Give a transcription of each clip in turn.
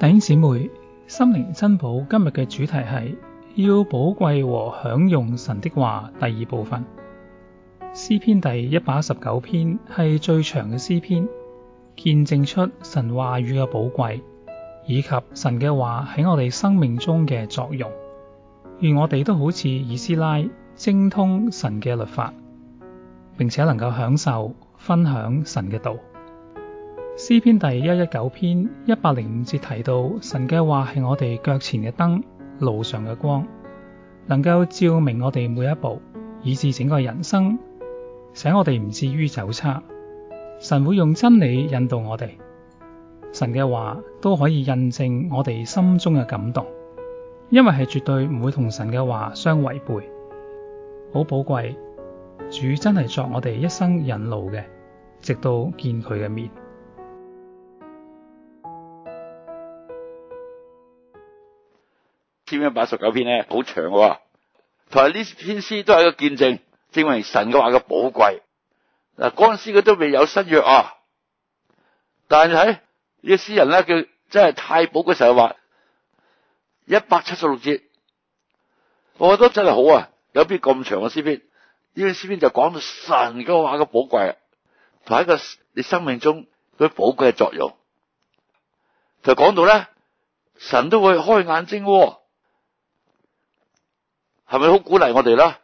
弟兄姊妹，心靈珍寶今日嘅主題係要寶貴和享用神的話，第二部分。詩篇第一百一十九篇係最長嘅詩篇，見證出神話語嘅寶貴以及神嘅話喺我哋生命中嘅作用。願我哋都好似以斯拉，精通神嘅律法，並且能夠享受分享神嘅道。詩篇第一一九篇一百零五節提到，神嘅話係我哋腳前嘅燈，路上嘅光，能夠照明我哋每一步，以至整個人生，使我哋唔至於走差。神會用真理引導我哋，神嘅話都可以印證我哋心中嘅感動，因為係絕對唔會同神嘅話相違背，好寶貴。主真係作我哋一生引路嘅，直到見佢嘅面。一百一十九篇咧，好長，同埋呢篇詩都係一個見證，證明神嘅話嘅寶貴。嗱，嗰陣時佢都未有新約啊，但係呢個詩人咧，佢真係太寶嘅時候話一百七十六節，我覺得真係好啊，有篇咁長嘅詩篇，呢篇詩篇就講到神嘅話嘅寶貴，同埋一個你生命中佢寶貴嘅作用。就講到咧，神都會開眼睛。係咪好鼓勵我哋啦？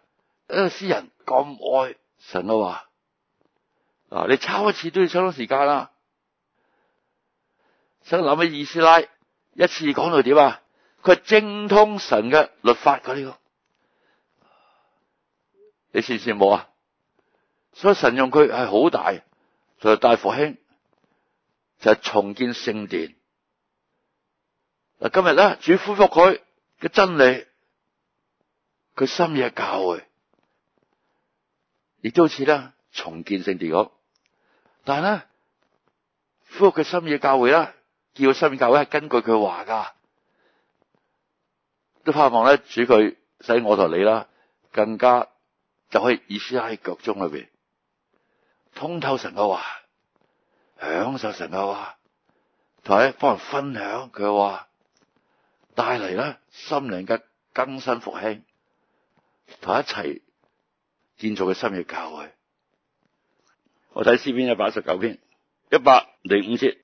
詩詩人咁愛神啊，話啊，你抄一次都要相當時間啦。想諗起以斯拉一次講到點啊？佢精通神嘅律法嗰呢，你羨唔羨慕啊？所以神用佢係好大，大就係大復興，就係重建聖殿。嗱，今日咧主恢復佢嘅真理。佢心意教會，亦都好似咧重建性地講，但係咧，符合佢心意教會啦，叫心意教會係根據佢話噶，都盼望咧主佢使我同你啦，更加就可以意思喺局中裏邊，通透神嘅話，享受神嘅話，同埋幫人分享佢嘅話，帶嚟咧心靈嘅更新復興。同一齊建造嘅新嘅教會。我睇，詩篇一百一十九篇一百零五節，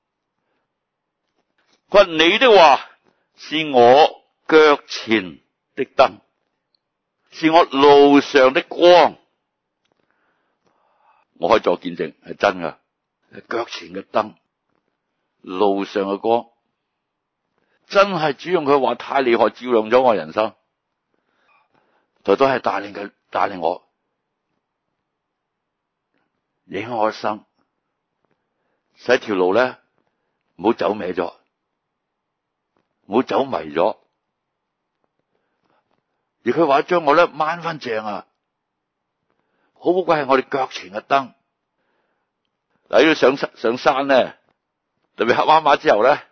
佢話，你的話是我腳前的燈，是我路上的光。我可以做見證，係真噶，係腳前嘅燈，路上嘅光，真係主用佢話太厲害，照亮咗我人生。就都係帶領佢帶領我，影響我一生，使條路咧唔好走歪咗，唔好走迷咗。而佢話將我咧掹返正啊！好寶貴，係我哋腳前嘅燈。嗱，如果上上山咧，特別黑麻麻之後咧，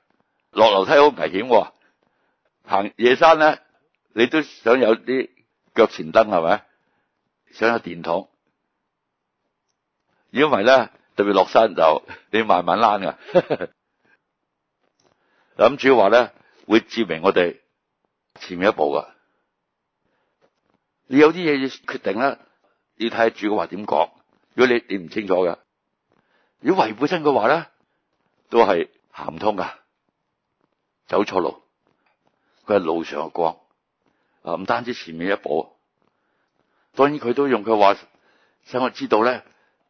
落樓梯好危險。行夜山咧，你都想有啲。腳前燈係咪？想有電筒，如果唔係咧，特別落山就你慢慢拉噶。諗住話咧，會照明我哋前面一步噶。你有啲嘢要決定咧，要睇下主個話點講。如果你你唔清楚嘅，如果違背真個話咧，都係行唔通噶，走錯路。佢係路上嘅光。啊！唔單止前面一步，當然佢都用佢話，使我知道咧。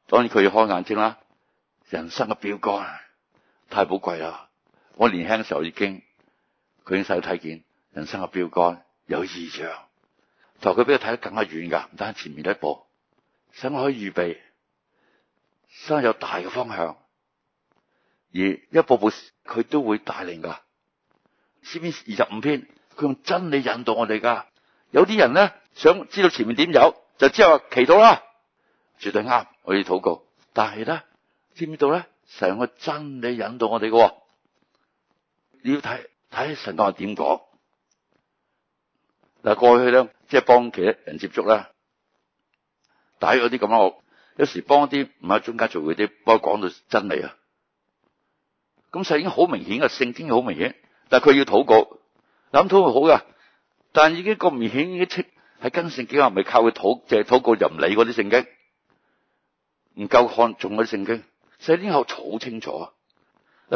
當然佢要開眼睛啦。人生嘅標杆太寶貴啦。我年輕嘅時候已經佢已經使睇見，人生嘅標杆有異常，但佢俾佢睇得更加遠噶，唔單止前面一步，使我可以預備，生有大嘅方向，而一步步佢都會帶領噶。詩篇二十五篇。佢用真理引導我哋噶，有啲人咧，想知道前面點有，就只係話祈禱啦。絕對啱，我要禱告。但係咧，知唔知道咧，神個真理引導我哋噶，你要睇睇神話點講嗱。過去咧，即係幫其他人接觸啦，大約啲咁咯。我有時幫啲唔喺中間聚會啲，我講到真理啊，咁就已經好明顯嘅聖經好明顯，但係佢要禱告。諗通係好噶，但已經咁明顯，一出係跟聖經啊，咪靠佢禱，淨係禱告就唔理嗰啲聖經，唔夠看重啲聖經。聖天後好清楚啊，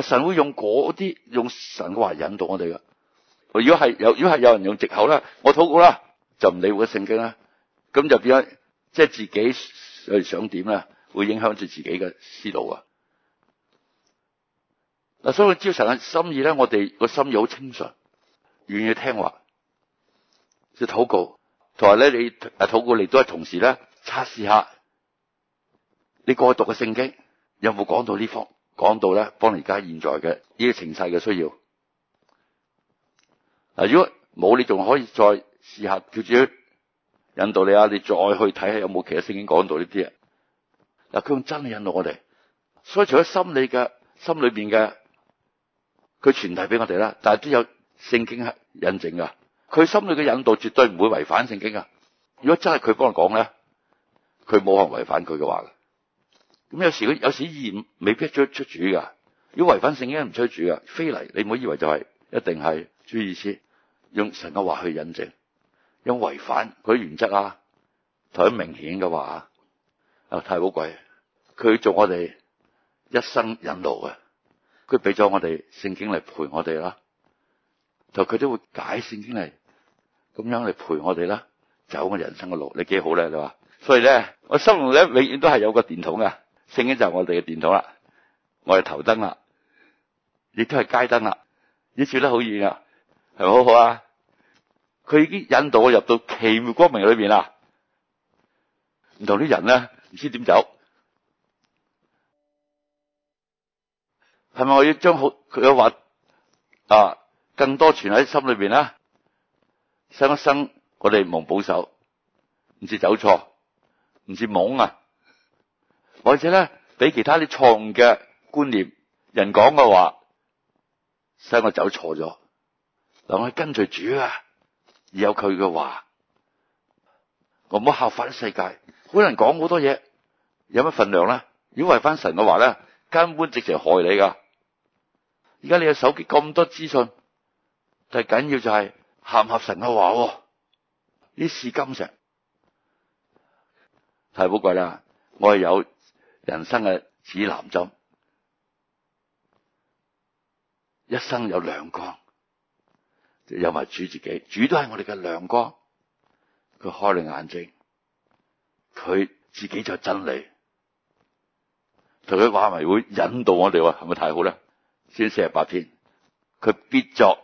神會用嗰啲用神嘅話引導我哋噶。如果係有，如果係有人用借口啦，我禱告啦，就唔理會聖經啦，咁就變咗即係自己想點啦，會影響住自己嘅思路啊。嗱，所以只要神嘅心意咧，我哋個心意好清純。願意聽話，即禱告，同埋咧你誒禱告，你都係同時咧測試下你過去讀嘅聖經有冇講到，到呢方，講到咧幫而家現在嘅呢個情勢嘅需要。嗱，如果冇，你仲可以再試下叫主引導你啊，你再去睇下有冇其他聖經講到呢啲啊。嗱，佢用真理引導我哋，所以除咗心理嘅心裏邊嘅，佢傳遞俾我哋啦，但係都有。聖經係引證噶，佢心裏嘅引導絕對唔會違反聖經啊！如果真係佢幫人講咧，佢冇可能違反佢嘅話嘅。咁有時佢有時未必出主噶，如果違反聖經唔出主噶，非禮你唔好以為就係、是、一定係注意意思用神嘅話去引證，用違反佢原則啊，同明顯嘅話啊太寶貴，佢做我哋一生引導啊，佢俾咗我哋聖經嚟陪我哋啦。就佢都會解聖經嚟，咁樣嚟陪我哋啦，走我人生嘅路，你幾好咧？你話，所以咧，我心裏咧永遠都係有個電筒嘅，聖經就係我哋嘅電筒啦，我嘅頭燈啦，亦都係街燈啦，已照得好遠啦，係咪好好啊？佢已經引導我入到奇妙光明裏邊啦，唔同啲人咧，唔知點走，係咪我要將好佢嘅話啊？更多存喺心裏邊啦。生一生，我哋唔望保守，唔似走錯，唔似懵啊，或者咧俾其他啲錯誤嘅觀念、人講嘅話，使我走錯咗。嗱，我跟隨主啊，而有佢嘅話，我唔好效法啲世界，好多人講好多嘢，有乜份量咧？如果違反神嘅話咧，根本直情害你噶。而家你嘅手機咁多資訊。最緊要就係合唔合神嘅話？呢是金石太寶貴啦！我係有人生嘅指南針，一生有亮光，有埋主自己，主都係我哋嘅亮光。佢開你眼睛，佢自己就是真理，同佢話咪會引導我哋，係咪太好咧？詩四十八篇，佢必作。